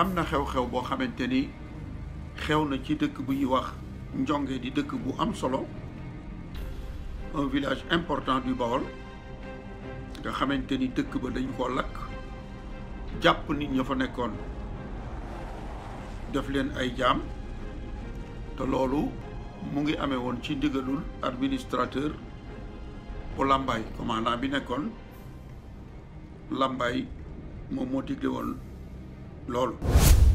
am na xew-xew bo xamante ni na ci dëkk bu ñuy wax Njonge di dëkk bu am solo un village important du Baol nga xamante ni dëkk ba dañ koo lakk jàpp nit ña fa nekkoon def leen ay jam te loolu mu ngi amee woon ci ndigalul administrateur bu Lambaye commandant bi nekkoon Lambaye moom mo digle woon loolu